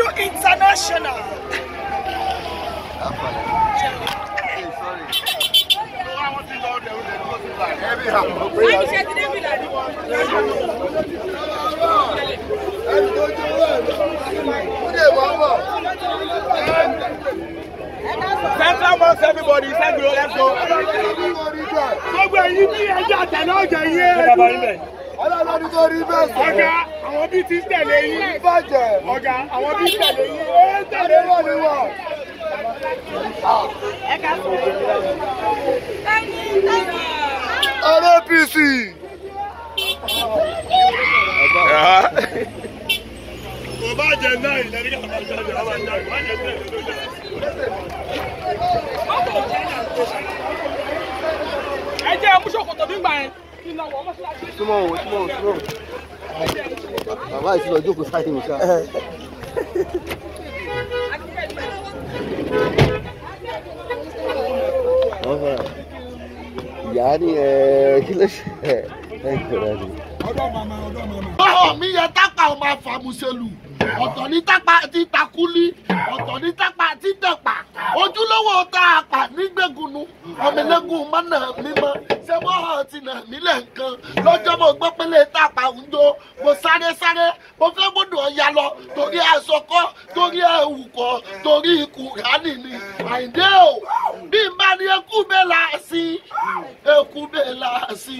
Odu International. Central Mosque, everybody, let's go, let's go ọlọ́run ní kò rí bẹ́ẹ̀ sọ. ọ̀gá àwọn bíi ti tẹ̀lé yín. bàjẹ́ ọ̀gá àwọn bíi tẹ̀lé yín. ó ń tẹ̀lé wọ̀ ní wọ̀. ọ̀rẹ́ APC. kò bá jẹ náà ìlẹ́rí àwọn ọ̀gá jẹ àwọn ọ̀gá jẹ wọ́n jẹ náà ìlẹ́rí àwọn ọ̀gá jẹ. ẹ jẹ́ ẹkú ṣòkòtò bí gbà yẹn súnmọ́ o súnmọ́ o súnmọ́ o bàbá ìṣúná jókòó sáyé mi ṣá. ìyá ni kí ló ṣe ẹ kẹrẹ ni. báwo mi yẹ tápà ọmọ afàmùsẹ̀lù ọ̀tọ̀ ní tápà ti takúlí ọ̀tọ̀ ní tápà ti tẹ̀pà ojúlówó tá a pa nígbègùnú ọmọlẹ́gùn mọ́nà mímọ́ ọwọ́ ọ̀ ti nà nílẹ̀ nǹkan lọ́jọ́ mo gbọ́ pé lè tà pa òǹdó mo sáré sáré mo fẹ́ gbọ́dọ̀ ọ̀ya lọ torí àsọkọ́ torí ẹ̀wù kọ́ torí ikú rání ni àìdé o bí n bá ní ekú bẹ́ẹ̀ la ekú bẹ́ẹ̀ la sí.